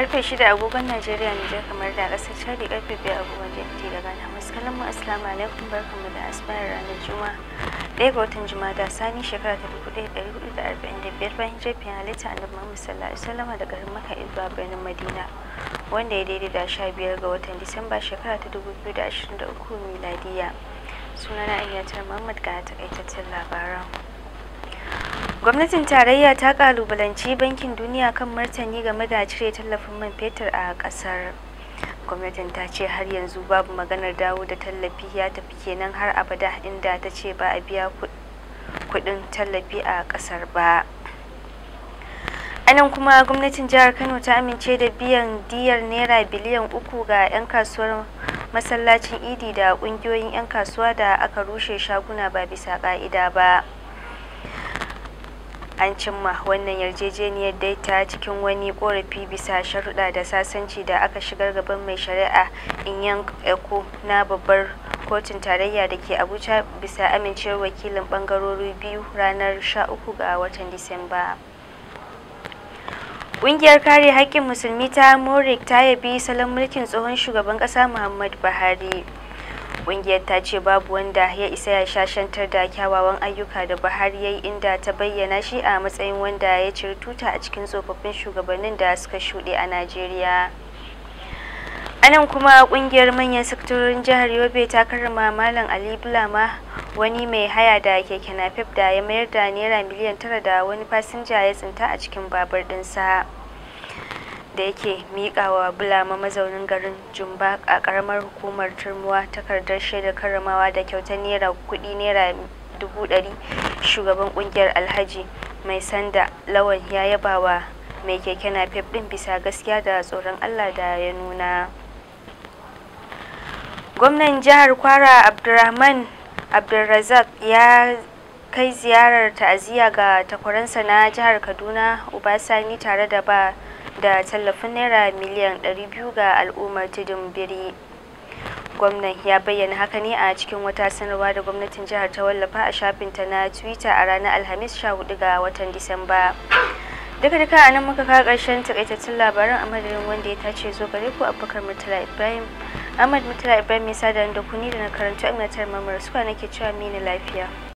karfe shida agogon Najeriya ne kamar da kasar cari karfe 5 agogon GMT daga Ghana. Maskalan mu assalamu alaikum barkamu da asbahin ranar Juma'a. Ɗaya ga watan da sani shekara ta dubu da da hudu arba'in biyar bayan jefin halitta annabi Muhammad sallallahu alaihi wasallam da garin maka izuwa birnin Madina wanda ya daidai da biyar ga watan Disamba shekara ta dubu biyu da da ashirin uku miladiya. Sunana Ayyatar Muhammad ga takaitaccen labaran. gwamnatin tarayya ta kalubalanci bankin duniya kan martani game da cire tallafin man fetur a kasar gwamnatin ta ce har yanzu babu maganar dawo da tallafi ya tafi kenan har abada inda ta ce ba a biya kudin tallafi a kasar ba anan kuma gwamnatin jihar kano ta amince da biyan diyar naira biliyan uku ga 'yan kasuwar masallacin idi da kungiyoyin 'yan kasuwa da aka rushe shaguna ba bisa ka'ida ba an cimma wannan yarjejeniyar daita cikin wani korafi bisa sharuɗa da sasanci da aka shigar gaban mai shari'a inyank eko na babbar kotun tarayya da ke abuja bisa amincewar wakilin bangarori biyu ranar 13 ga watan disamba Ƙungiyar kare haƙƙin musulmi ta Morik ta yabi salon mulkin tsohon shugaban ƙasa Muhammadu Buhari. Kungiyar ta ce babu wanda ya isa ya shashantar da kyawawan ayyuka da Buhari ya yi inda ta bayyana shi a matsayin wanda ya ciri tuta a cikin tsofaffin shugabannin da suka shuɗe a Najeriya. anan nan kuma kungiyar manyan sakatorin jihar Yobe ta karrama Malam Ali Bulama wani mai haya da keke napep da ya mayar da naira miliyan tara da wani fasinja ya tsinta a cikin babur ɗinsa. da yake miƙawa bulama mazaunin garin jumba a karamar hukumar turmuwa takardar shaidar karramawa da kyauta naira kuɗi naira dubu ɗari shugaban ƙungiyar alhaji mai sanda lawan ya yaba wa mai keke na ɗin bisa gaskiya da tsoron allah da ya nuna gwamnan jihar kwara abdulrahman abdulrazak ya kai ziyarar ta'aziyya ga takwaransa na jihar kaduna ubasani tare da ba da tallafin naira miliyan 200 ga al'ummar tudun biri gwamnan ya bayyana haka ne a cikin wata sanarwa da gwamnatin jihar ta wallafa a shafinta na twitter a ranar alhamis 14 ga watan disamba duka duka a nan muka kawo ƙarshen takaitattun labaran a madadin wanda ya tace zo gare ku abubakar mutala ibrahim ahmad mutala ibrahim ya sada da kuni da na karanta amintar mamar suka nake cewa mini lafiya